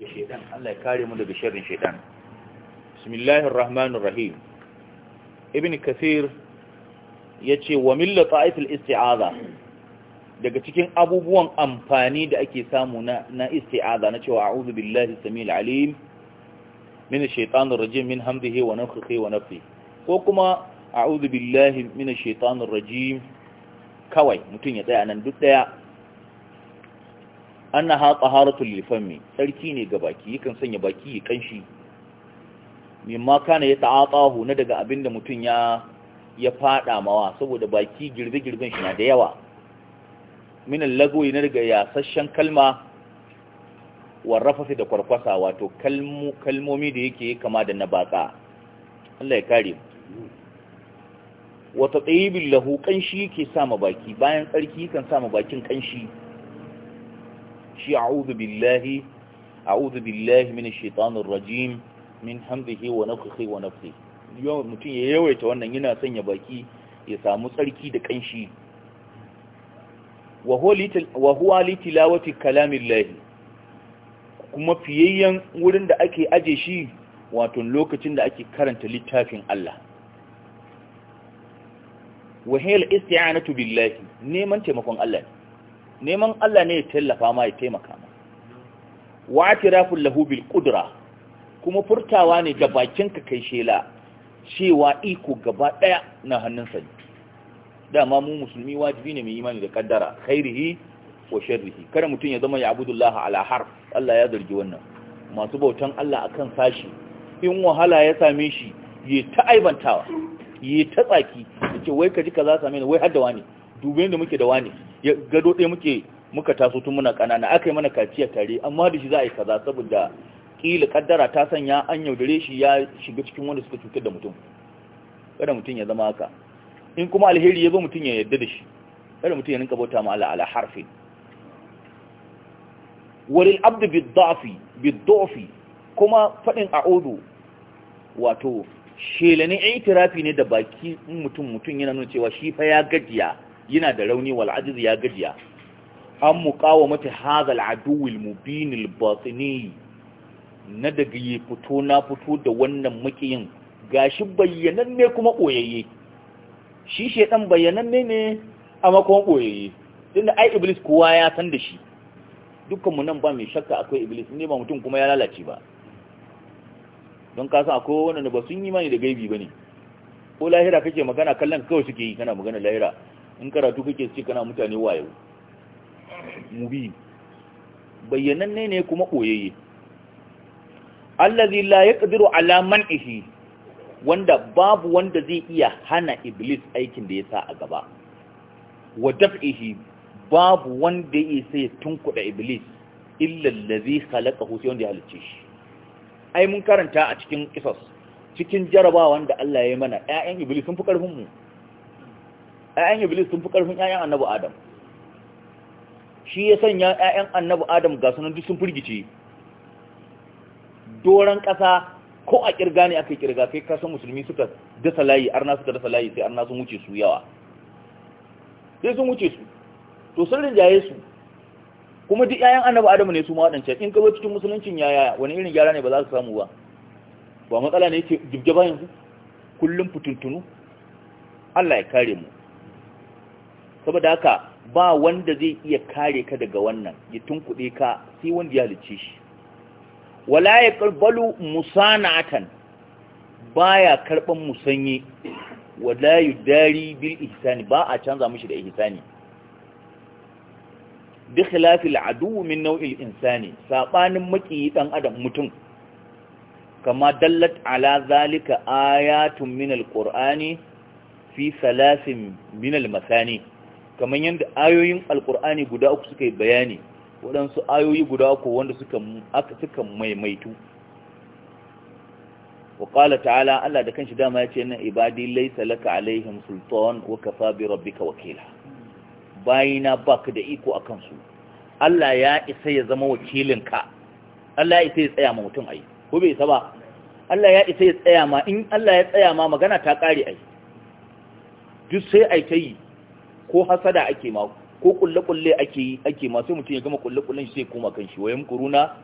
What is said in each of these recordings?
da shaidan Allah ya kare mu daga sharrin shaidan bismillahir rahmanir rahim ibn kathir yace wa milla ta'ifil isti'aza daga cikin abubuwan amfani da ake samu na na isti'aza na cewa a'udhu billahi samil alim min ash-shaytanir rajim min hamdihi wa nafthihi wa nafthihi ko kuma a'udhu billahi min ash-shaytanir rajim kawai mutun ya tsaya nan duk daya ha taharatul lilfami sarki ne ga baki yakan sanya baki ya kanshi mimma kana ya ta'atahu na daga abinda mutun ya ya fada mawa saboda baki girbe girben shi na da yawa min al-lagwi na daga sashen kalma warrafasi da kwarkwasa wato kalmu kalmomi da yake kama da na baka Allah ya kare wa wata lahu kanshi yake sama baki bayan tsarki kan sama bakin kanshi billahi mini بالله أعوذ بالله من الشيطان الرجيم من حمده ونفخه ونفخه yawan mutum ya yawaita wannan yana sanya baki ya samu tsarki da kanshi wa huwa litilawati kalamillahi kuma fiyayyen wurin da ake aje shi wato lokacin da ake karanta littafin Allah wa hiyal isti'anatu billahi neman taimakon Allah neman Allah ne ya tallafa ma ya taimaka ma wa atirafun lahu bil qudra kuma furtawa ne da ka kai shela cewa iko gaba daya na hannunsa ne dama mu musulmi wajibi ne mu imani da kaddara khairihi wa sharrihi kada mutum ya zama ya abudullah ala harf Allah ya zargi wannan masu bautan Allah akan sashi in wahala ya same shi ya ta aibantawa ya ta tsaki yace wai kaji kaza same ni wai hadda wani dubin da muke da wani gado ɗaya muke muka taso tun muna ƙanana aka yi mana kaciya tare amma da shi za a yi kaza saboda ƙila ƙaddara ta sanya an yaudare shi ya shiga cikin wanda suka cutar da mutum kada mutum ya zama haka in kuma alheri ya zo mutum ya yarda da shi kada mutum ya ninka bauta ma Allah ala harfi walil abdu bid-da'fi bid-du'fi kuma fadin a'udu wato shelani itirafi ne da baki mutum mutum yana nuna cewa shi fa ya gajiya yana da rauni wal ajiz ya gajiya an muqawamati mata al adu al mubin al batini na daga yi fito na fito da wannan makiyin gashi ne kuma koyayye shi shedan bayanan ne amma kuma koyayye tunda ai iblis kowa ya san da shi Dukkan mu nan ba mai shakka akwai iblis ne ba mutum kuma ya lalace ba don kasa akwai wanda ba sun yi mani da gaibi ba ne ko lahira kake magana kallon kawai suke yi kana magana lahira in karatu kake ce kana mutane wayo mubi bayyananne ne kuma ɓoyayye allazi la yaqdiru ala man'ihi wanda babu wanda zai iya hana iblis aikin da ya sa a gaba wa daf'ihi babu wanda ya sai tunkuda iblis illa allazi khalaqahu sai wanda ya halicce shi ai mun karanta a cikin qisas cikin jarabawa wanda Allah ya yi mana ƴaƴan iblis sun fi karfin mu ƴaƴan iblis sun fi ƙarfin ƴaƴan annabi adam shi ya sanya ƴaƴan annabi adam ga sunan duk sun firgice doran ƙasa ko a kirga ne aka kirga kai kasan musulmi suka dasa layi arna suka dasa layi sai arna sun wuce su yawa sai sun wuce su to sun rinjaye su kuma duk ƴaƴan annabi adam ne su ma in ka zo cikin musuluncin yaya wani irin gyara ne ba za su samu ba ba matsala ne yake jibge bayan su kullum fitintunu Allah ya kare mu saboda haka ba wanda zai iya kare ka daga wannan ya tunkuɗe ka sai wanda ya halicci shi wala ya karbalu musana'atan baya karban musanyi wala yudari bil ihsani ba a canza mishi da ihsani bi khilafil adu min nau'il insani sabanin maki dan adam mutum kama dallat ala zalika ayatun min alqur'ani fi salasin min almasani kamar yadda ayoyin alkur'ani guda uku suka yi bayani waɗansu ayoyi guda uku wanda suka maimaitu wa ƙala ta'ala Allah da kanshi dama ya ce nan ibadi laisa laka alaihim sultan wa kafa bi rabbika wakila bayina baka da iko a kansu. Allah ya isa ya zama wakilinka Allah ya isa ya tsaya ma mutum ai ko bai isa ba Allah ya isa ya tsaya ma in Allah ya tsaya ma magana ta ƙare ai duk sai ai ta yi ko hasada ake ma ko kulle-kulle ake yi ake ma sai mutum ya gama kulle-kullen shi sai koma kan shi wayan kuruna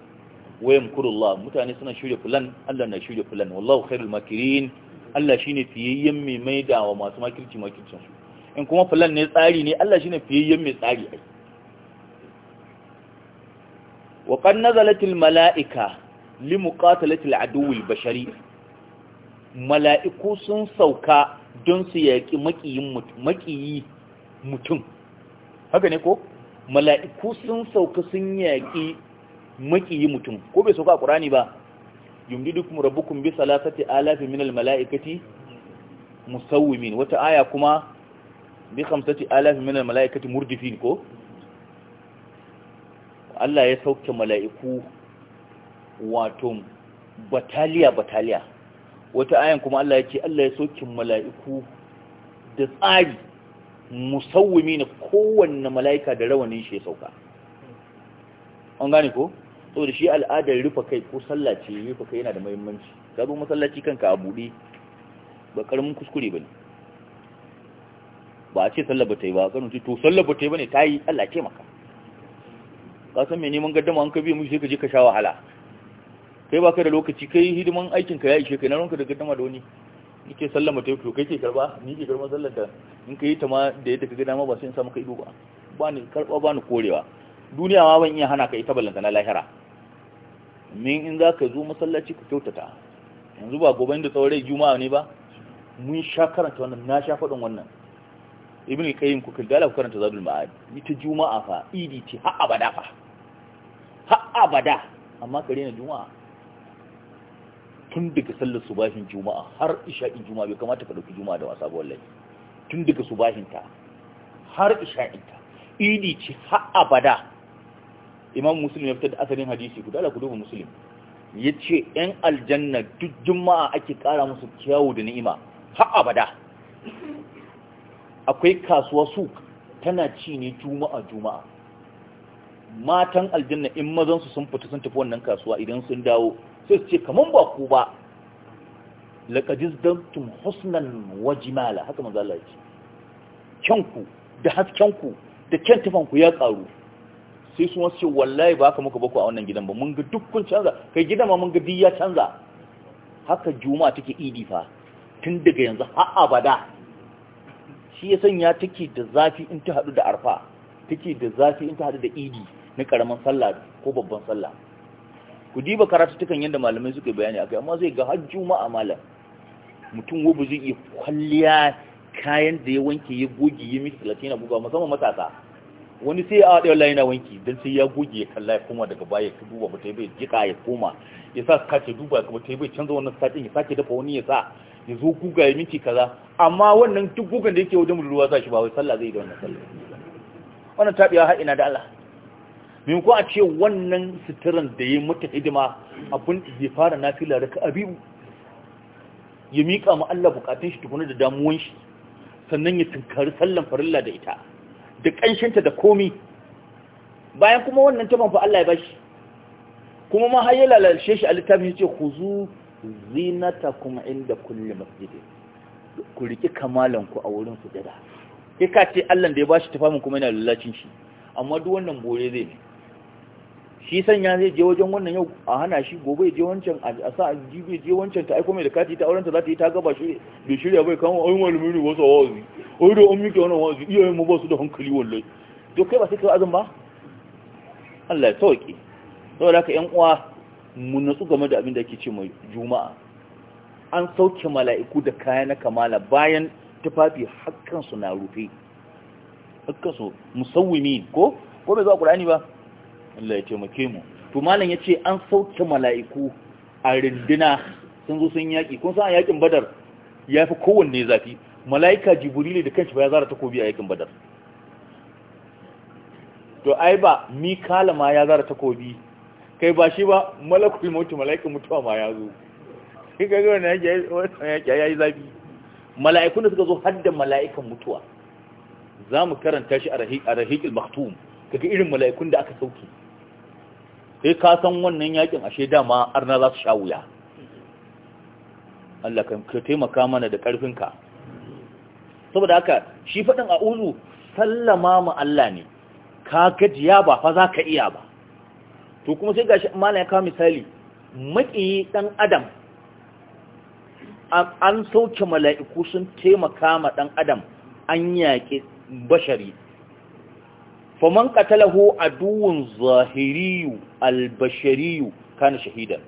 wayan kurullah mutane suna shirya fulan Allah na shirya fulan wallahu khairul makirin Allah shine fiyayyen mai maida wa masu makirci makircin su in kuma fulan ne tsari ne Allah shine fiyayyen mai tsari ai wa qad nazalatil malaika limuqatalatil aduwil bashari mala'iku sun sauka don su yaƙi maƙiyi mutum haka ne ko mala'iku sun sauka sun yaƙi makiyi mutum ko bai sauka a ƙurani ba yumdidukum rabbukum bi salasati alafi min almala'ikati musawwimin wata aya kuma bi khamsati alafi min almala'ikati murdifin ko Allah ya sauke mala'iku wato bataliya bataliya wata ayan kuma Allah ya ce Allah ya sauke mala'iku da tsari musawwimi na kowanne mala'ika da rawanin shi ya sauka an gane ko saboda shi al'adar rufe kai ko sallaci rufe kai yana da mahimmanci ka zo masallaci kanka a buɗe ba ƙaramin kuskure ba ne ba a ce sallar ta yi ba kanu ce to sallar ta yi ba ne ta yi Allah ce maka ka san mai neman gaddama an ka biya mushi ka je ka sha wahala kai ba ka da lokaci kai hidiman aikinka ya ishe kai na ronka da gaddama da wani yake sallama ta to kai ke karba ni ke karba sallar ta in ka yi ta ma da yadda ka ga dama ba sai in sa maka ido ba ba ni karba ba ni korewa duniya ma ban iya hana ka ita ballanta na lahira min in za ka zo masallaci ka kyautata yanzu ba gobe da tsawon rai juma'a ne ba mun sha karanta wannan na sha faɗin wannan ibn al-qayyim ku kalla ku karanta zadul ma'ad ita juma'a fa idi ce har abada fa har abada amma kare na juma'a tun daga sallar subahin juma'a har isha'in juma'a bai kamata ka dauki juma'a da wasa ba wallahi tun daga subahin ta har isha'in ta idi ce har abada imam muslim ya fitar da asalin hadisi ku dala ku duba muslim yace yan aljanna duk juma'a ake kara musu kyawu da ni'ima har abada akwai kasuwa su tana ci ne juma'a juma'a matan aljanna in su sun fita sun tafi wannan kasuwa idan sun dawo sai su ce kaman ba ku ba laqadiz dantum husnan wa jimala haka manzo Allah yake kyanku da haskenku da kyan ku ya karu sai su wasu ce wallahi ba ka muka bako a wannan gidan ba mun ga dukkan canza kai gidan ma mun ga diya canza haka juma take idi fa tun daga yanzu har abada shi ya sanya take da zafi in ta hadu da arfa take da zafi in ta hadu da idi na karaman sallah ko babban sallah ku diba tukan yadda malamai suka bayani akai amma zai ga har juma'a malam mutum wobu zai iya kwalliya kayan da ya wanke ya goge ya miki talatin yana buga musamman matasa wani sai a ɗaya layi na wanki don sai ya goge ya kalla ya koma daga baya ya duba mutai bai jika ya koma ya sa kace duba ka mutai bai canza wannan satin ya sake dafa wani ya sa ya zo guga ya miki kaza amma wannan duk gugan da yake wajen ruwa za shi ba wai sallah zai da wannan sallah wannan tabiya har ina da Allah min ko a ce wannan suturan da ya mata hidima abin da zai fara fila raka abibu ya miƙa ma Allah bukatun shi tukuna da damuwan shi sannan ya tunkari sallan farilla da ita da ƙanshinta da komi bayan kuma wannan taban fa Allah ya bashi kuma ma har ya lalace shi a littafin ya ce ku zu kuma inda kulle masjidin ku riƙi kamalanku a wurin sujada kai ka ce Allah da ya bashi tufafin kuma yana lalacin shi amma duk wannan bore zai ne shi sanya zai je wajen wannan yau a hana shi gobe ya je wancan a sa a je wancan ta aiko mai da kati ta auren ta za ta yi ta gaba shi da shirya bai kama ai malami ne wasu wazi ai da ummi ke wannan wazi iyayen mu ba su da hankali wallahi to kai ba sai kai azan ba Allah ya sauke saboda haka 'yan uwa mu natsu game da abin da ake ce mai juma'a an sauke mala'iku da kaya na kamala bayan tufafi hakkan su na rufe hakkan su musawwimi ko ko bai zo a Qur'ani ba Allah ya taimake mu to malam yace an sauke mala'iku a rindina sun zo sun yaki kun san yakin badar yafi kowanne zafi mala'ika jibril da kanshi ba ya zara takobi a yakin badar to ai ba mikala ma ya zara takobi kai ba shi ba malakul mautu mala'ikan mutuwa ma ya zo kai ga wannan yake yayi zafi mala'ikun da suka zo hadda mala'ikan mutuwa za mu karanta shi a rahiqil maktum kaga irin mala'ikun da aka sauke sai ka san wannan yakin ashe dama arna za su sha wuya Allah ka taimaka mana da ƙarfinka saboda haka shi faɗin a ulu sallama ma Allah ne ka gajiya ba fa za ka iya ba to kuma sai gashi malam ya kawo misali maƙiyi ɗan adam an sauke mala'iku sun taimaka ma ɗan adam an yaƙi bashari faman qatalahu aduwwun zahiriyu albashariyu kana shahidan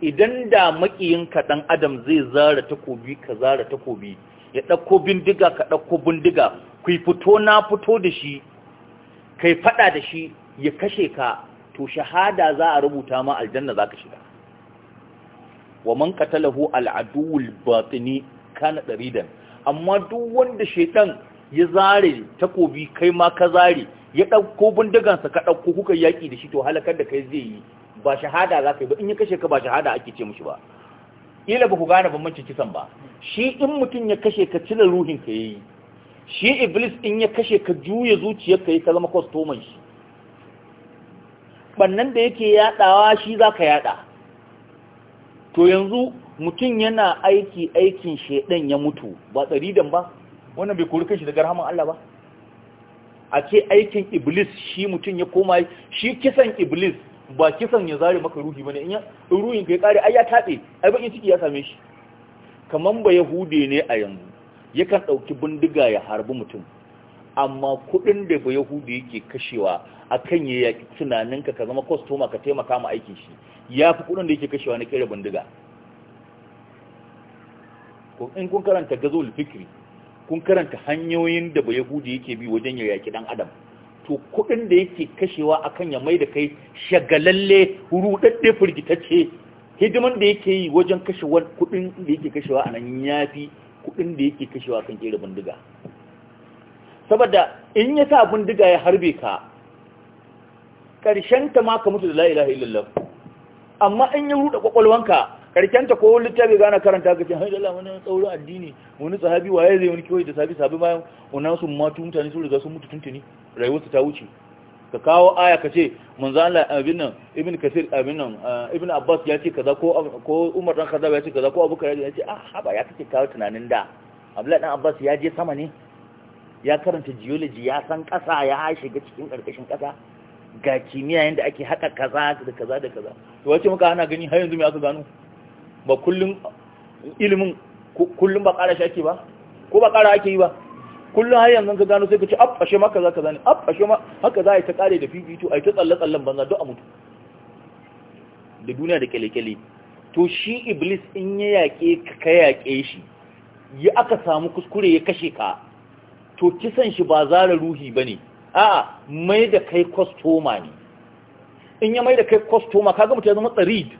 idan da makiyinka kaɗan adam zai zara takobi ka zara takobi ya dauko bindiga ka dauko bindiga kai fito na fito da shi kai faɗa da shi ya kashe ka to shahada za a rubuta ma aljanna ka shiga wa man qatalahu al'aduwul batini kana amma duk wanda shaitan ya zare takobi kai ma ka zare ya ɗauko bindigansa ka ɗauko kuka yaƙi da shi to halakar da kai zai yi ba shahada za ka yi ba in ya kashe ka ba shahada ake ce mushi ba ila ba ku gane bambancin kisan ba shi in mutum ya kashe ka cire ruhin ka yayi shi iblis in ya kashe ka juya zuciyar ka yi ka zama kwastoman shi bannan da yake yaɗawa shi za ka yaɗa to yanzu mutum yana aiki aikin shaidan ya mutu ba tsaridan ba wannan bai kori kai shi daga rahaman Allah ba a ce aikin iblis shi mutum ya koma shi kisan iblis ba kisan ya zare maka ruhi bane in ruhin ka ya kare ai ya tabe ai bakin ciki ya same shi kaman ba yahude ne a yanzu yakan dauki bindiga ya harbi mutum amma kudin da ba yahude yake kashewa akan ya yaki tunaninka ka zama customer ka taimaka ma aikin shi ya fi kudin da yake kashewa na kira bindiga Ko in kun karanta gazul fikri kun karanta hanyoyin da ba yahudi yake bi wajen ya yaki dan adam to kuɗin da yake kashewa akan ya mai da kai shagalalle rudadde firgitacce hidiman da yake yi wajen kashewa kuɗin da yake kashewa a nan yafi kuɗin da yake kashewa kan kera bindiga saboda in ya sa bindiga ya harbe ka ƙarshen ta ma ka mutu da la ilaha illallah amma in ya ruɗa kwakwalwanka karkenta ko littafi gana karanta ga cikin haidala wani tsaurin addini wani sahabi waye zai wani kyau da sahabi sahabi bayan wannan sun matu mutane su riga sun mutu tuntuni rayuwarsu ta wuce ka kawo aya ka ce manzo Allah abin nan ibn kasir abin nan eh, ibn abbas ya ce kaza ko ko umar dan kaza ya ce kaza ko abubakar ya ce ah haba ya kake kawo tunanin da abdullahi dan abbas ya je sama ne ya karanta geology ya san kasa ya shiga cikin karkashin kasa ga kimiyya yanda ake haka kaza da kaza da kaza to wace muka ana gani har yanzu me aka gano ba kullum ilimin kullum ba ƙara shi ake ba ko ba ƙara ake yi ba kullum har yanzu ka gano sai ka ce ab ashe maka za kaza ne ab ashe ma haka za a yi ta ƙare da fifito a yi ta tsalle tsallen banza duk a mutu da duniya da ƙyale-ƙyale. to shi iblis in ya yaƙe ka yaƙe shi ya aka samu kuskure ya kashe ka to kisan shi ba zara ruhi ba ne a'a mai da kai kwastoma ne in ya mai da kai kwastoma ka ga mutu ya zama tsarid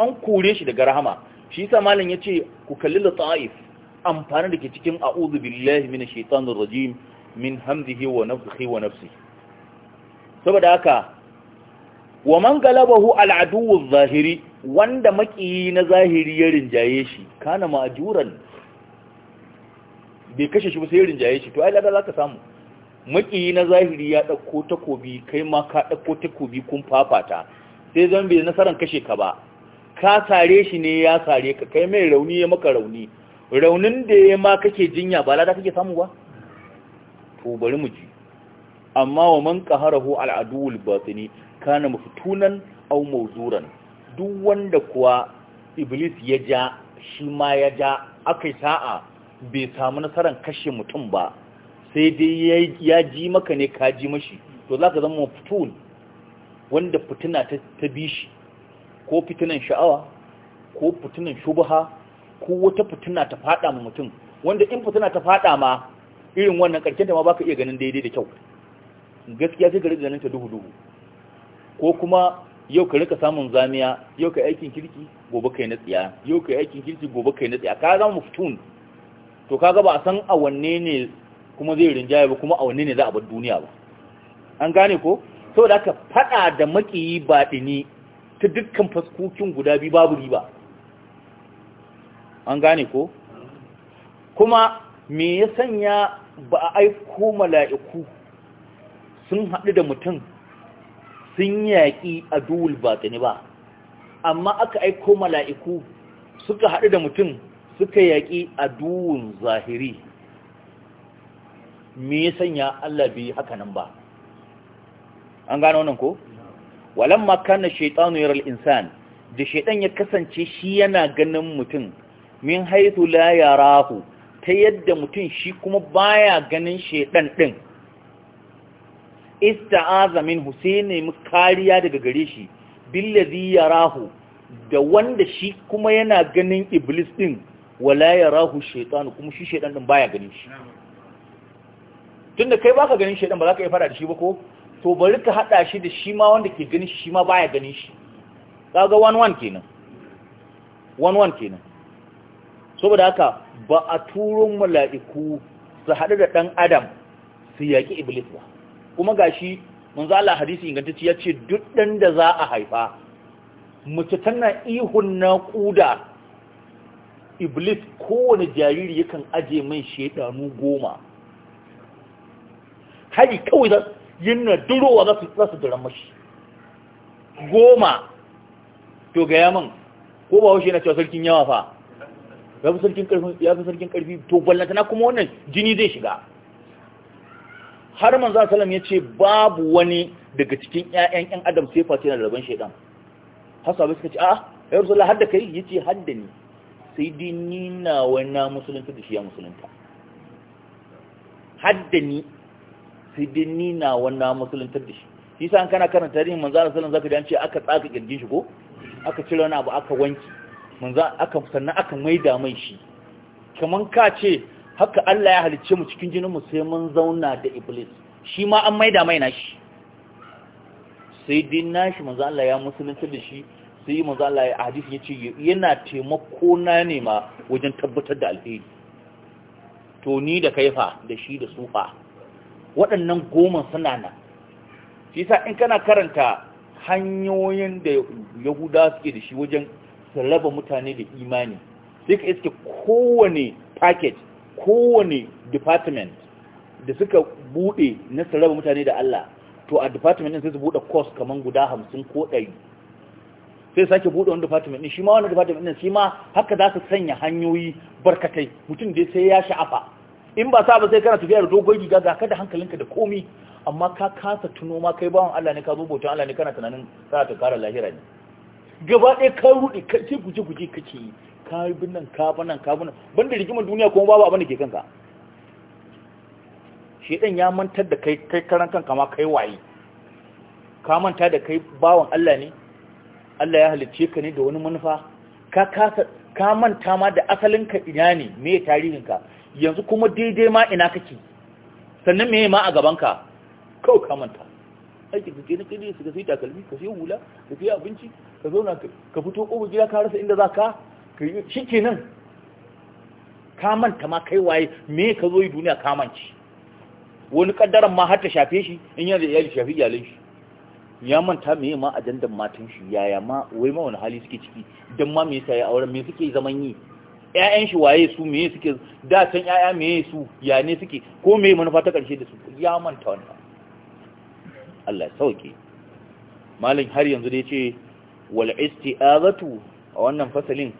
an kore shi daga rahama shi yasa malam ce ku kalli ta'if amfani da ke cikin a'udhu billahi minash shaitanir rajim min hamdihi wa nafthihi wa nafsi saboda haka wa man galabahu al'adu zahiri wanda makiyi na zahiri ya rinjaye shi kana majuran bai kashe shi ba sai ya rinjaye shi to ai ladan zaka samu makiyi na zahiri ya dauko takobi kai ma ka dauko takobi kun fafata sai zan bai nasaran kashe ka ba ka sare shi ne ya sare ka kai mai rauni ya maka rauni raunin da ya ma kake jinya ba lada kake samu ba to bari mu ji amma wa man qaharahu al'adul batini kana mafutunan aw mawzuran duk wanda kuwa iblis ya ja shi ma ya ja akai sa'a bai samu nasaran kashe mutum ba sai dai ya ji maka ne ka ji mashi to zaka zama mafutun wanda fituna ta bi shi ko fitinan sha'awa ko fitinan shubha ko wata fitina ta fada ma mutum wanda in fitina ta fada ma irin wannan karshen da ma baka iya ganin daidai da kyau gaskiya sai ka rika ganin ta duhu duhu ko kuma yau ka rika samun zamiya yau ka aikin kirki gobe kai na tsiya yau ka aikin kirki gobe kai na tsiya ka zama muftun to kaga ba a san a wanne ne kuma zai rinjaye ba kuma a wanne ne za a bar duniya ba an gane ko saboda haka fada da makiyi dini ta dukkan faskokin guda biyu babu riba an gane ko kuma me ya sanya ba a aiko mala'iku sun haɗu da mutum sun yaƙi a duwul ne ba amma aka aiko mala'iku suka haɗu da mutum suka yaƙi a duwun zahiri me ya sanya Allah bai haka nan ba an gano nan ko? Walan kana shaytanu yara al’insan da shaytan ya kasance shi yana ganin mutum min haitu la rahu ta yadda mutum shi kuma baya ganin shaytan din ista'aza min ne mu kariya daga gare shi billazi rahu, da wanda shi kuma yana ganin iblis ɗin, wala rahu shaytan kuma shi shaytan ɗin baya ganin shi tunda kai ba ka ganin shaytan ba za ka yi fara da shi ba ko to bari ka haɗa shi da shi ma wanda ke ganin shi ma baya ganin shi kaga one one kenan one one kenan saboda haka ba a turo mala'iku su haɗu da ɗan adam su yaki iblis ba kuma gashi manzo Allah hadisi ingantacci yace duk dan da za a haifa mace tana ihun naƙuda iblis kowane jariri yakan aje mai shedanu goma hari kawai yin na durowa za su duran mashi goma to gaya min ko ba haushe na cewa sarkin yawa fa ya fi sarkin karfi to na kuma wannan jini zai shiga har za salam ya ce babu wani daga cikin 'ya'yan 'yan adam sai face na rabon shaidan hasabai suka ce a ya rasulullah har da kai Ya ce da ne sai dai ni na wani musulunta da shi ya musulunta har ni sai dai ni na wannan musuluntar da shi shi sa kana karanta tarihin manzo Allah sallallahu alaihi wasallam zaka ji aka tsaka kirgin shi ko aka cire wani abu aka wanki manzo aka sannan aka maida mai shi kaman ka ce haka Allah ya halicce mu cikin jinin mu sai mun zauna da iblis shi ma an maida mai nashi sai din nashi manzo Allah ya musulunta da shi sai manzo Allah ya hadisi yace yana taimako na ne ma wajen tabbatar da alheri to ni da kaifa da shi da sufa waɗannan goma suna nan shi sa in kana karanta hanyoyin da yahuda suke da shi wajen salaba mutane da imani sai ka iske kowane package kowane department da suka buɗe na salaba mutane da Allah to a department ɗin sai su buɗe course kamar guda hamsin ko ɗari sai sake buɗe wani department ɗin shi ma wani department ɗin shi ma haka za su sanya hanyoyi barkatai mutum da sai ya sha'afa in ba sa ba sai kana tafiya da dogon riga ga ka da hankalinka da komi amma ka kasa tuno ma kai bawan Allah ne ka zo bautan Allah ne kana tunanin za ta kara lahira ne gaba ɗaya ka ruɗe ka ce guje guje kake yi ka yi binnan ka binnan ka binnan banda rigimar duniya kuma babu abin da ke kanka Shi shedan ya mantar da kai kai karan kanka ma kai waye ka manta da kai bawan Allah ne Allah ya halicce ka ne da wani manufa ka kasa ka manta ma da asalin ka ina ne me tarihin ka yanzu kuma daidai ma ina kake sannan me ma a gabanka kawai ka manta aiki ka kai ne su ka sai takalmi ka siya hula ka siya abinci ka zauna ka fito ko gida ka rasa inda za ka shi nan. ka manta ma kai waye me ka zo yi duniya ka manci wani kaddaran ma har ta shafe shi in yanzu da iyali shafi iyalin shi ya manta me ma dandan matan shi yaya ma wai ma wani hali suke ciki dan ma me yasa ya auren me suke zaman yi ƴaƴan shi waye su meye suke da can ƴaƴa meye su ya ne suke ko meye manufa ta ƙarshe da su ya manta wannan Allah ya sauke malin har yanzu da yace wal isti'azatu a wannan fasalin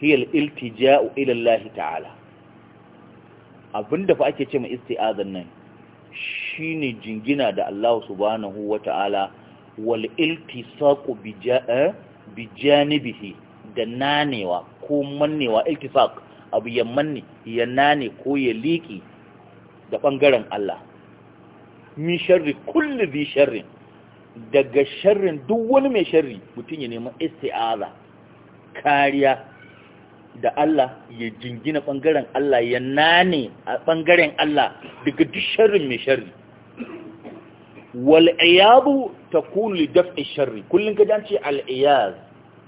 hiya al iltija'u ila Allah ta'ala abinda fa ake ce ma isti'azan nan shine jingina da Allah subhanahu wata'ala wal iltisaqu eh, bi janibihi da nanewa ko mannewa iltifak abu ya manne ya nane ko ya liƙi da ɓangaren Allah mi sharri kulli bi sharrin daga sharrin duk wani mai sharri mutum ya nema isti'aza kariya da Allah ya jingina ɓangaren Allah ya nane a ɓangaren Allah daga duk sharrin mai sharri Wal’ayyabu ta kuli dafi sharri kullum ka al’ayyaz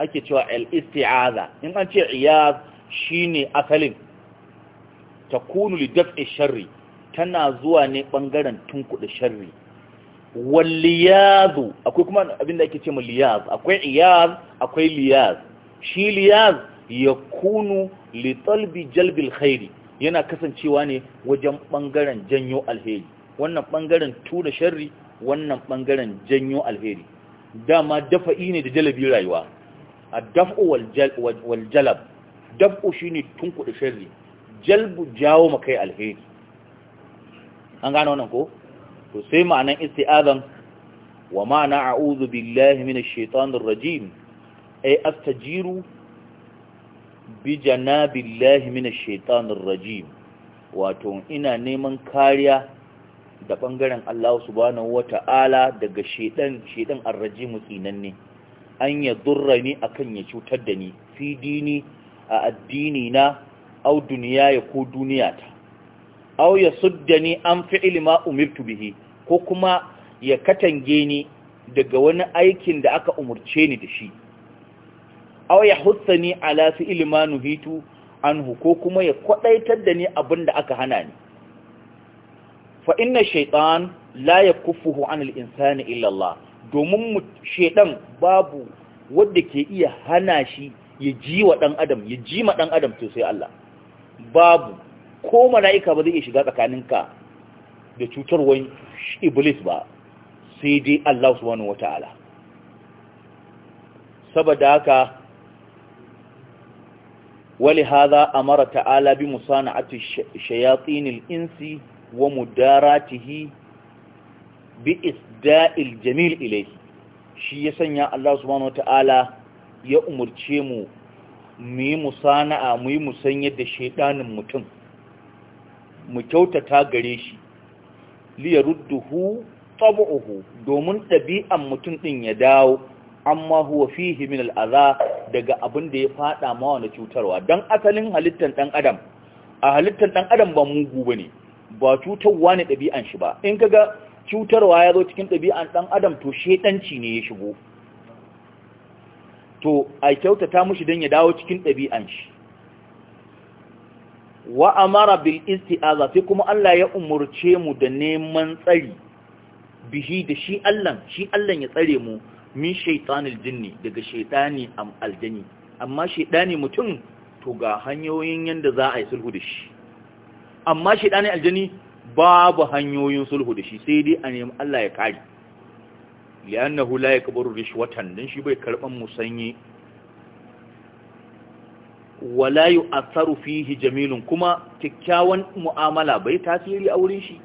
ake cewa al-isti'aza in an ce iyaz shine asalin takunu li daf'i sharri tana zuwa ne bangaren tunkuɗe sharri wal liyazu akwai kuma abinda ake ce liyaz akwai iyaz akwai liyaz shi liyaz yakunu li talbi jalbil khairi yana kasancewa ne wajen bangaren janyo alheri wannan bangaren tura sharri wannan bangaren janyo alheri dama dafa'i ne da jalabi rayuwa a dafu wal jalab daf'u shine tunkuɗe sharri jalbu jawo makai alheri an gane wannan ko to sai ma'anan isti'azan wa ma'ana a'udhu billahi minash shaitanir rajim ay astajiru bi janabillahi minash shaitanir rajim wato ina neman kariya da bangaren Allah subhanahu wata'ala daga shedan shedan arrajimu tsinanne an ya durra ni akan ya cutar da ni fi dini a addini na au duniya ya ko duniya ta au ya sudda ni an fi ma umirtu bihi ko kuma ya katange ni daga wani aikin da aka umurce ni da shi au ya hutsa ni ala fi'ili ma nuhitu anhu ko kuma ya kwadaitar da ni abin da aka hana ni fa inna shaiɗan la yakufuhu anil insani illa Allah domin shedan babu wadda ke iya hana shi ya ji wa ɗan adam ya ji ma ɗan adam to sai Allah babu ko mala'ika ba zai iya shiga tsakaninka da cutarwar iblis ba sai dai Allah subhanahu wata'ala saboda haka wali haza amara ta'ala bi musana'ati shayatinil insi wa mudaratihi bi isda'il jamil ilayhi shi ya sanya Allah subhanahu wata'ala ya umurce mu mu yi musana'a mu yi musanya da shaidanin mutum mu kyautata gare shi li yarudduhu tab'uhu domin ɗabi'an mutum ɗin ya dawo amma huwa fihi min al'aza daga abin da ya fada ma wani cutarwa don asalin halittar ɗan adam a halittar ɗan adam ba mugu ba ne ba cutarwa ne ɗabi'an shi ba in kaga cutarwa ya zo cikin ɗabi'an ɗan adam to shaidanci ne ya shigo to a kyautata mushi don ya dawo cikin ɗabi'an shi wa amara bil isti'aza sai kuma Allah ya umurce mu da neman tsari bihi da shi Allah shi Allah ya tsare mu min shaitanil jinni daga shaitani am aljani amma shaitani mutum to ga hanyoyin yanda za a yi sulhu da shi amma shaitani aljani babu hanyoyin sulhu da shi sai dai a nemi Allah ya kare li'annahu la yakbaru rishwatan dan shi bai karban musanye wala yu'atharu fihi jamilun kuma kikkiawan mu'amala bai tasiri a wurin shi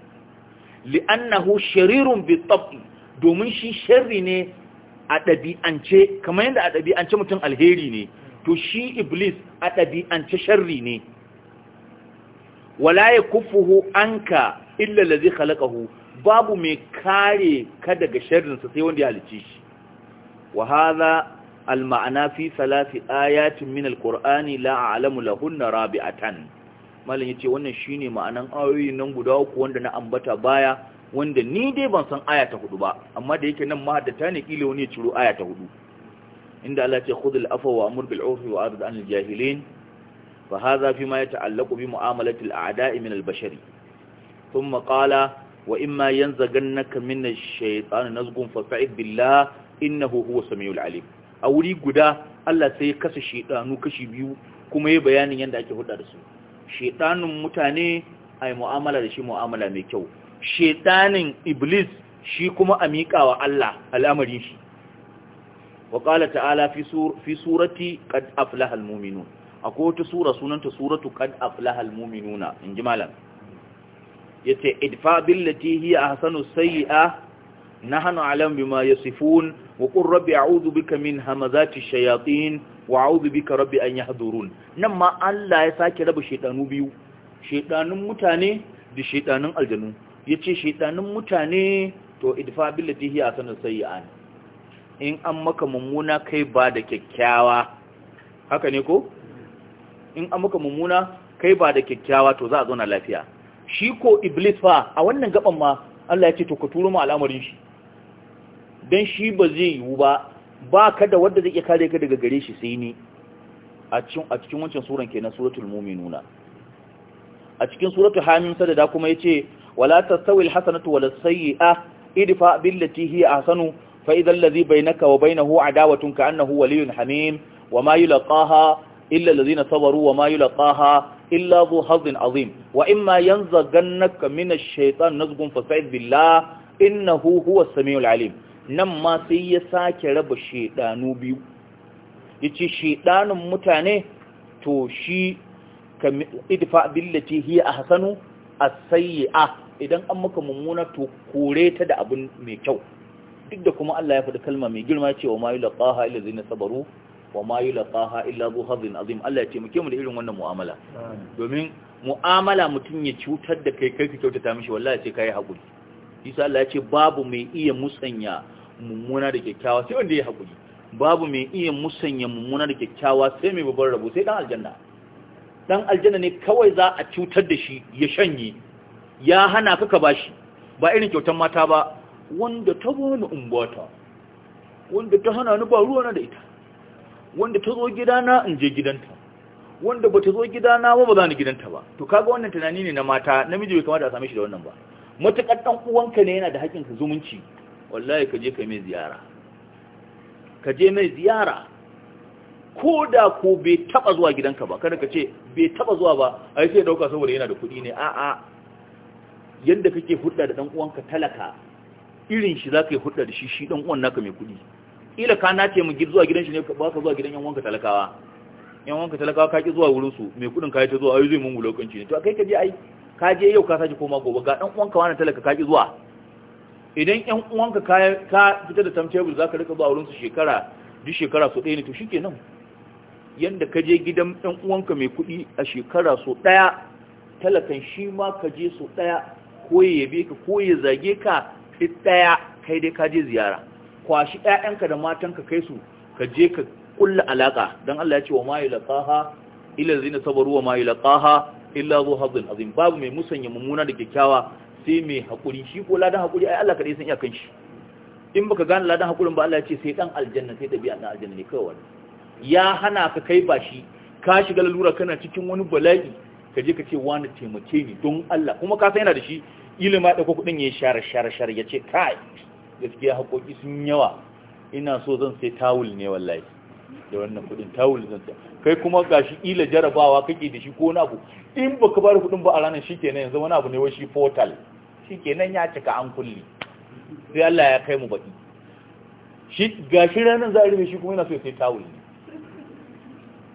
li'annahu sharirun bi tab'i domin shi sharri ne a dabi'ance. kamar yadda a dabi'ance mutum alheri ne to shi iblis a dabi'ance sharri ne wala ya kufuhu anka illa allazi khalaqahu babu mai kare ka daga sharrin sa sai wanda ya halice shi wa hadha al ma'ana fi salasi ayatin min al qur'ani a'lamu lahunna rabi'atan ya ce wannan shine ma'anan ayoyi nan guda uku wanda na ambata baya wanda ni dai ban san aya ta hudu ba amma da yake nan mahadata ne kila wani ya ciro aya ta hudu inda Allah ya ce khudh afwa wa amur bil urfi wa arid anil jahilin fa hadha fima yata'allaqu bi mu'amalati al-a'da'i min al-bashari thumma qala wa imma yanzaghannaka min ash-shaytani nazghun fasta'id billah innahu huwa samiul alim a wuri guda Allah sai ya kasa shedanu kashi biyu kuma yayi bayanin yanda ake hudda da su shedanun mutane ai mu'amala da shi mu'amala mai kyau shedanin iblis shi kuma a miƙawa Allah al'amarin shi wa ta'ala fi sur fi surati qad aflaha al akwai wata sura sunanta suratu qad aflaha almu'minuna in ji malam yace idfa billati hiya ahsanu sayi'a nahnu alam bima yasifun wa qur rabbi a'udhu bika min hamazati shayatin wa a'udhu bika rabbi an yahdurun nan ma Allah ya sake raba shedanu biyu shedanun mutane da shedanun aljanu yace shedanun mutane to idfa billati hiya ahsanu sayi'a in an maka mummuna kai ba da kyakkyawa haka ne ko in an muka mummuna kai ba da kyakkyawa to za a zauna lafiya shi ko iblis fa a wannan gaban ma Allah ya ce to ka turo mu al'amarin shi dan shi ba zai yiwu ba ba ka da wanda zai iya kare ka daga gare shi sai ni a cikin a cikin wancan suran kenan suratul mu'minuna a cikin suratul hamim sadada kuma yace wala tastawil Hassanatu wal sayyi'a idfa billati hi ahsanu fa idhal ladhi bainaka wa bainahu adawatun ka annahu waliyyun hamim wa ma yulqaha illa allazina sabaru wa ma yulqaha illa zu hazin azim wa imma yanzaghannaka min ash-shaytan nazghun fasta'id billah innahu huwa as-sami'ul alim nan ma sai ya sake raba shedanu biyu yace shedanun mutane to shi idfa billati hiya ahsanu as-sayyi'ah idan an maka mummuna to kore ta da abin mai kyau duk da kuma Allah ya faɗi kalma mai girma cewa ma yulqaha illa zina sabaru wa ma yulqaha illa zuwa hazin azim Allah ya ce muke mu da irin wannan mu'amala domin mu'amala mutum ya cutar da kai kai kyauta kyautata mishi wallahi ce kai hakuri isa Allah ya ce babu mai iya musanya mummuna da kyakkyawa sai wanda ya hakuri babu mai iya musanya mummuna da kyakkyawa sai mai babban rabo sai dan aljanna dan aljanna ne kawai za a cutar da shi ya shanye ya hana ka ka bashi ba irin kyautan mata ba wanda ta bani umbata wanda ta hana ni ba ruwa na da ita wanda ta zo gidana in je gidanta wanda ba ta zo gidana ba ba za ni gidanta ba to kaga wannan tunani ne na mata namiji bai kamata a same shi da wannan ba matukar dan uwanka ne yana da haƙƙin ka zumunci wallahi ka je ka mai ziyara ka je mai ziyara ko da ko bai taba zuwa gidanka ba kada ka ce bai taba zuwa ba ai sai dauka saboda yana da kuɗi ne a'a yadda kake hudda da dan uwanka talaka irin shi zaka yi hudda da shi shi dan uwan naka mai kuɗi ila ka nace mu zuwa gidan shi ne ba ka zuwa gidan yan wanka talakawa yan wanka talakawa ka ki zuwa wurin su mai kudin kai ta zuwa ai zai mun wulakanci ne to kai ka je ai ka je yau ka saki koma gobe ga dan uwanka wani talaka ka ki zuwa idan yan uwanka ka ka fita da table zaka rika zuwa wurin su shekara duk shekara so ɗaya ne to shikenan yanda ka je gidan yan uwanka mai kudi a shekara so ɗaya talakan shi ma ka je so ɗaya ko ya yabe ka ko ya zage ka ɗaya kai dai ka je ziyara kwashi ƴaƴanka da matanka kai su ka je ka kulla alaka dan Allah ya ce wa ma yulqaha illa zina sabaru wa ma yulqaha illa zu hazin azim babu mai musanya mummuna da kyakkyawa sai mai hakuri shi ko ladan hakuri ai Allah kadai san iya shi in baka gane ladan hakurin ba Allah ya ce sai dan aljanna sai dabi'a dan aljanna ne kawai ya hana ka kai ba shi ka shiga lalura kana cikin wani bala'i ka je ka ce wani taimake ni don Allah kuma ka san yana da shi ilima da kuɗin ya share share share ya ce kai gaskiya haƙoƙi sun yawa ina so zan sai tawul ne wallahi da wannan kudin tawul zan sai kai kuma gashi ila jarabawa kake da shi ko na abu in baka bar kudin ba a ranar shikenan yanzu wani abu ne wai shi portal shikenan ya cika an kulli sai Allah ya kai mu baki shi gashi ranar za a rufe shi kuma ina so sai tawul ne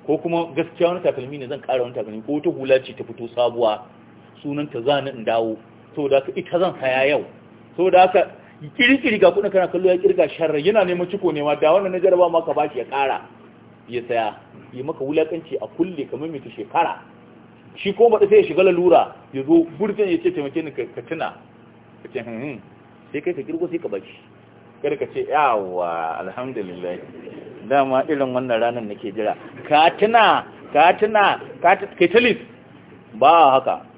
ko kuma gaskiya wani takalmi ne zan ƙara wani takalmi ko wata hula ce ta fito sabuwa sunanta zanin in dawo saboda ka ita zan saya yau saboda haka kirkiri ga kuna kana kallo ya kirga sharra yana neman ciko ne ma da wannan na jaraba ma ka bashi ya kara ya saya yi maka wulakanci a kulle kamar mai shekara shi ko bada sai ya shiga lalura ya zo burkin ya ce taimake ni ka tuna ka ce hmm, hmm, sai kai ka kirgo sai ka bashi kada ka ce yawa alhamdulillah dama irin wannan ranar nake jira ka tuna ka tuna ka ta ba haka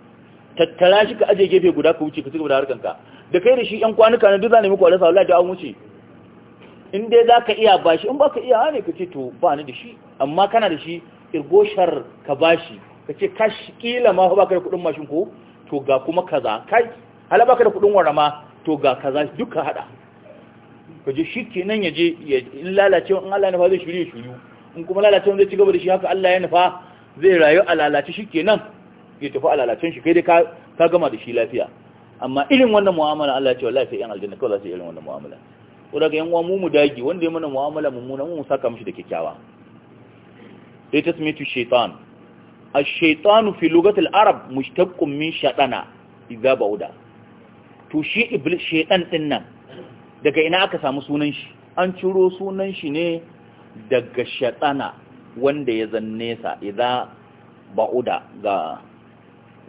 tattara shi ka aje gefe guda ka wuce ka cigaba da harkanka da kai da shi yan kwanuka na duk za nemi kwalasa wallahi da an wuce in dai za ka iya bashi in ba ka iya ne ka ce to ba ni da shi amma kana da shi irgoshar ka bashi ka ce shi kila ma ba ka da kudin mashin ko to ga kuma kaza kai hala ba ka da kudin warama to ga kaza duka hada ka je shi kenan ya je in lalacewa in Allah ya nufa zai ya shiru in kuma lalacewa zai ci gaba da shi haka Allah ya nufa zai rayu a lalace shi kenan ya tafi alalacin shi kai dai ka gama da shi lafiya amma irin wannan mu'amala Allah ya ce wallahi sai yan aljanna kawai za su irin wannan mu'amala ko daga yan uwa mu mu dagi wanda ya mana mu'amala mummuna mu saka mishi da kyakkyawa sai tasmitu shaytan ash-shaytanu fi lughati al-arab mushtaqqun min shadana idza bauda to shi iblis shaytan din nan daga ina aka samu sunan shi an ciro sunan shi ne daga shadana wanda ya zanne sa idza bauda ga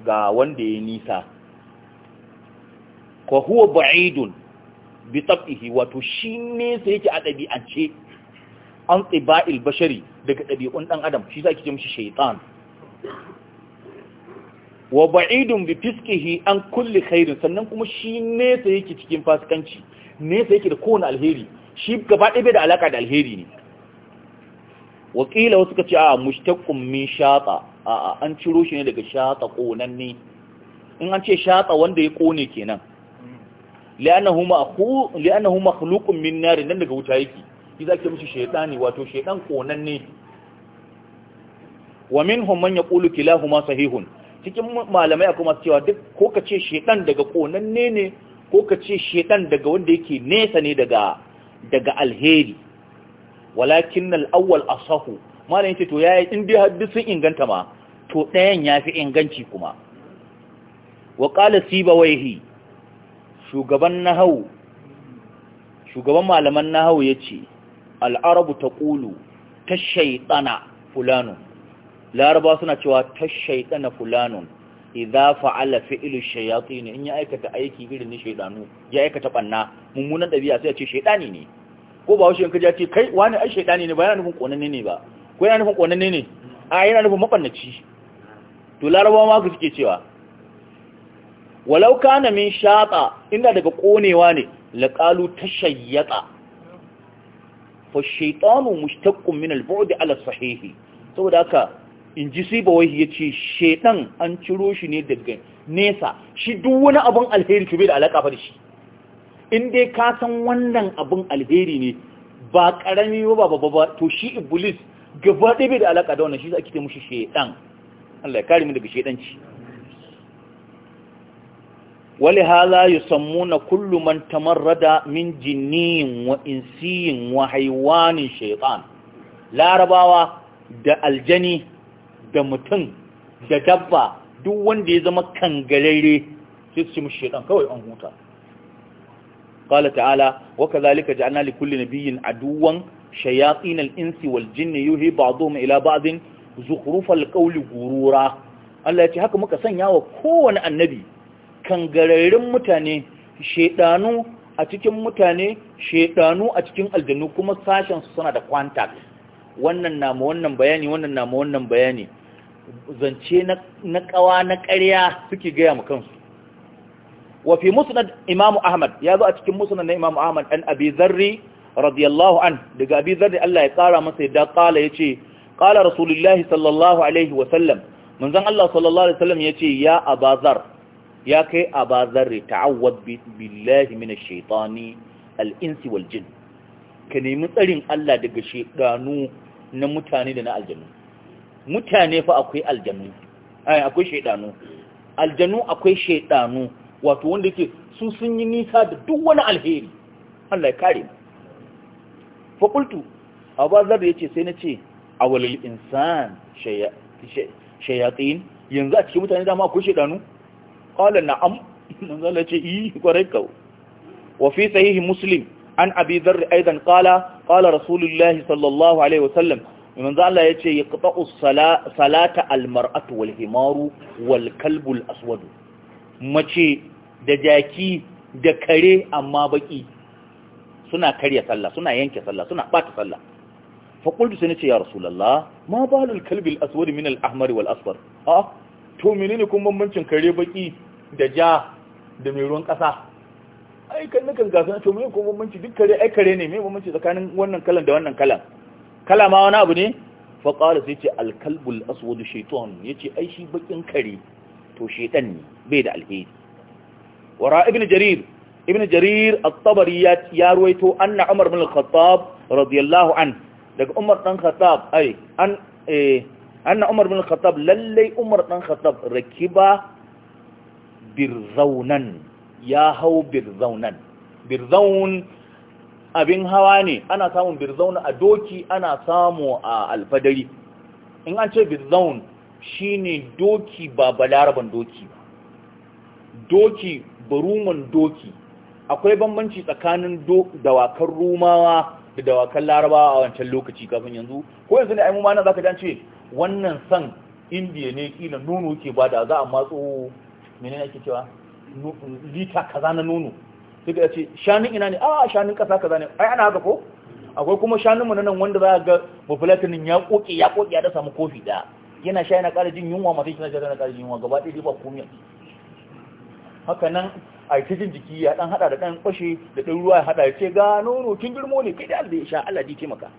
ga wanda ya nisa ko huwa ba'idun bi tabihi wato shi ne sai yake a ɗabi'ance an tsiba'il bashari daga ɗabi'un ɗan adam shi zaki ce mishi shaitan wa ba'idun bi fiskihi an kulli khair sannan kuma shi ne sai yake cikin fasikanci ne sai yake da kowane alheri shi gaba ɗaya da alaka da alheri ne wakila wasu ka ce a mushtaqqun min shaqa a'a an ciro shi ne daga shata konanne in an ce shata wanda ya kone kenan li'annahu ma'khu li'annahu makhluqun min nan daga wuta yake shi musu mishi shaytani wato shaytan konanne wa minhum man yaqulu kilahuma sahihun cikin malamai akwai masu cewa duk ko ka ce daga konanne ne ko ka ce daga wanda yake nesa ne daga daga alheri walakin al-awwal asahu malam yake to yayi in dai haddi sun inganta ma to ɗayan ya fi inganci kuma wa qala sibawaihi shugaban nahwu shugaban malaman ce yace al-arabu taqulu tashaytana fulanun laraba suna cewa tashaytana fulanun idza fa'ala fi'lu shayatin in ya aikata aiki irin ni shaydanu ya aikata banna mummunan dabi'a sai ya ce shaydani ne ko ba wasu yanka ya ce kai wani ai shaydani ne ba yana nufin konanne ne ba ko yana nufin ƙonanne ne a yana nufin maɓannaci to larabawa ma suke cewa walau kana min shaƙa inda daga ƙonewa ne laƙalu ta shayyata fa shaitanu mushtaqqun min al-bu'd ala sahihi saboda haka in ji inji ya ce, shaitan an ciro shi ne daga nesa shi duk wani abun alheri ki bai da alaka fa da shi in dai ka san wannan abun alheri ne ba karami ba ba ba to shi iblis gaba ɗaya bai da alaƙa da wannan shi ake taimushi shaidan Allah ya kari mu daga shaidanci wali hala na kullum man tamarrada min jinniyin wa insiyin wa haiwanin shaitan larabawa da aljani da mutum da dabba duk wanda ya zama kan sai su ci mushi shaitan kawai an huta ta'ala قال تعالى وكذلك na na a duwan. shayatin al-insi wal jinni yuhi ba'dhum ila ba'dhin zukhrufal qawli gurura Allah ya ce haka muka sanya wa kowane annabi kangararrun mutane shedanu a cikin mutane shedanu a cikin aljannu kuma sashensu suna da contact wannan na ma wannan bayani wannan na ma wannan bayani zance na kawa na karya suke gaya mu kansu wa fi musnad imamu ahmad ya zo a cikin musnad na imamu ahmad an abi zarri radiyallahu an daga abi zarri Allah ya kara masa yadda kala ya ce kala rasulullahi sallallahu alaihi wasallam manzan Allah sallallahu alaihi wasallam ya ce ya abazar ya kai abazar ta'awwad billahi minash shaitani al-insi wal jinn ka nemi tsarin Allah daga shaidanu na mutane da na aljanu mutane fa akwai aljanu ai akwai shaidanu aljanu akwai shaidanu wato wanda yake su sun yi nisa da duk wani alheri Allah ya kare mu fa qultu ya ce sai na ce a awalil insan shayatin yanzu a cikin mutane dama akwai shedanu qala na'am manzo Allah yace yi kwarai ka wa fi sahih muslim an abi dharr aidan qala qala rasulullahi sallallahu alaihi wasallam ya ce ya yaqta'u salata almar'atu wal himaru wal kalbul aswadu. mace da jaki da kare amma baki suna karya sallah suna yanke sallah suna bata sallah fa qultu sai nace ya rasulullah ma balul kalbi al-aswad min al-ahmar wal asfar a ah, to menene kun bambancin kare baki da ja da mai ruwan kasa ai kan nakan gasa to menene kun bambanci duk kare ai kare ne me bambanci tsakanin wannan kalan da wannan kalan kala ma wani abu ne fa qala sai ce al-kalbu al-aswad shaytan yace ai shi bakin kare to shaytan ne bai da alheri wara ibn jarir ibn jarir at-tabari ya ya ruwaito anna umar bin al-khattab radiyallahu an daga umar dan khattab ai an eh anna umar bin al-khattab lalle umar dan khattab rakiba birzaunan ya hau birzaunan birzaun abin hawa ne ana samun birzaun a doki ana samu a alfadari in an ce birzaun shine doki ba balaraban doki ba doki baruman doki akwai bambanci tsakanin dawakan rumawa da dawakan larabawa a wancan lokaci kafin yanzu ko yanzu ne a yi mumana za zaka jan ce wannan san indiya ne kila nono ke bada za a matso menene ake cewa lita kaza na nono sai da ce shanin ina ne a ah, shanin kasa kaza ne ai ana haka ko akwai kuma shanin mu nan wanda za ga bufulatinin ya koke ya koke ya da samu kofi da yana sha yana ƙara jin yunwa masu shi na yana ƙara jin yunwa gaba ɗaya ba komai haka nan a yi jiki ya dan hada da dan kwashe da dan ruwa ya hada ya ce ga nono kin girmo ne kai da Allah ya sha Allah ji taimaka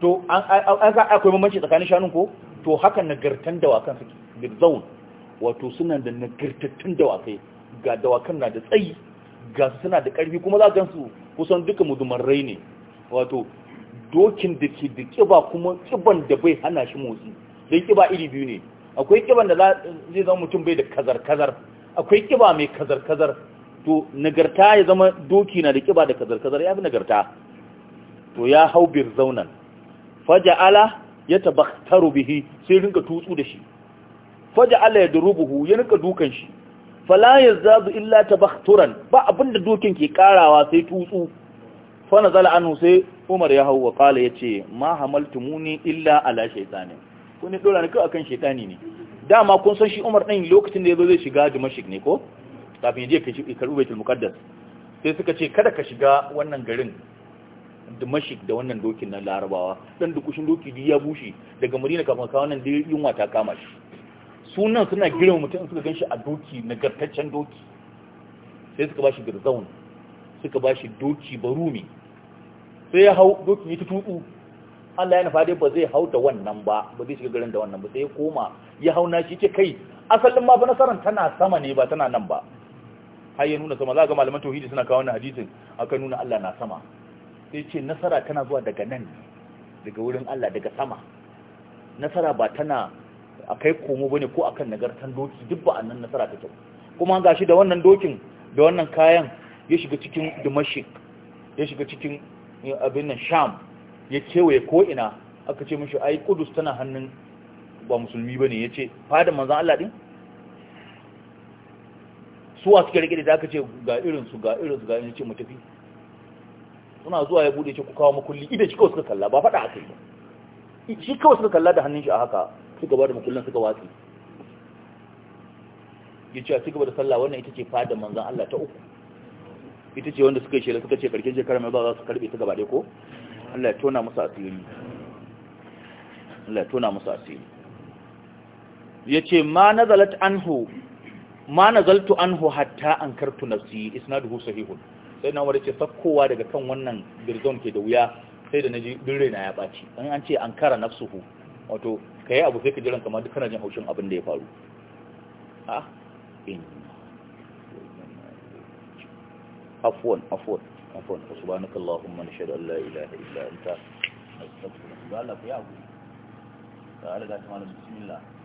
to an ga akwai bambanci tsakanin shanun ko to haka nagartan dawakan suke birzaun wato suna da nagartattun dawakai ga dawakan na da tsayi ga su suna da karfi kuma za gansu kusan duka rai ne wato dokin da ke da kiba kuma kiban da bai hana shi motsi don kiba iri biyu ne akwai kiban da zai zama mutum bai da kazar-kazar akwai kiba mai kazar-kazar to nagarta ya zama doki na da kiba da kazar-kazar ya fi nagarta to ya hau bir zaunan faja ala ya taro bihi sai rinka tutsu da shi faja ala ya buhu ya rinka dukan shi za su illa turan ba abinda dokin ke karawa sai tutsu fana zala anu sai Umar ya hau wa kala ce ma muni illa ala shaytanin kuni dora na kai akan shaitani ne dama kun san shi umar ɗin lokacin da ya zo zai shiga dimashik ne ko kafin ya je karɓi baitul muqaddas sai suka ce kada ka shiga wannan garin dimashik da wannan dokin na larabawa dan dukushin doki biyu ya bushe daga madina kafin ka nan da yunwa ta kama shi sunan suna girma mutum suka gan shi a doki nagartaccen doki sai suka ba shi girzaun suka ba shi doki barumi sai ya hau doki ya ta tutsu Allah ya nufa dai ba zai hau da wannan ba ba zai shiga garin da wannan ba sai ya koma ya hauna shi ke kai asalin ma fa tana sama ne ba tana nan ba har ya nuna sama za ga malaman tauhidi suna kawo wani hadisin aka nuna Allah na sama sai ce nasara tana zuwa daga nan daga wurin Allah daga sama nasara ba tana a kai komo bane ko akan nagartan doki duk ba annan nasara ta kyau. kuma gashi da wannan dokin da wannan kayan ya shiga cikin dimashik ya shiga cikin eh, abin nan Sham ya kewaye ko ina aka ce mishi ai Kudus tana hannun ba musulmi ba ne ya ce fadin manzan Allah ɗin suwa suke rike da aka ce ga irinsu ga irinsu ga irin ce mutafi suna zuwa ya bude ce ku kawo makulli idan shi kawai suka kalla ba faɗa kai yi shi kawai suka kalla da hannun shi a haka suka ba da makullin suka watsi ya ce a cigaba da sallah wannan ita ce fadin manzan Allah ta uku ita ce wanda suka yi shela suka ce karshen shekara mai za su karbe ta gaba ɗaya ko Allah ya tona musu asiri Allah ya tona musu asiri yace ma nazalat anhu ma nazaltu anhu hatta ankartu nafsi isnaduhu sahihun sai na wanda ce sakkowa daga kan wannan birzon ke da wuya sai da naji dirre na ya baci an an ce an ankara nafsuhu wato ka yi abu sai ka jiran kamar duk kana jin haushin abin da ya faru ah in afwan afwan afwan subhanakallahumma nashhadu an la ilaha illa anta astaghfiruka wa atubu ilaik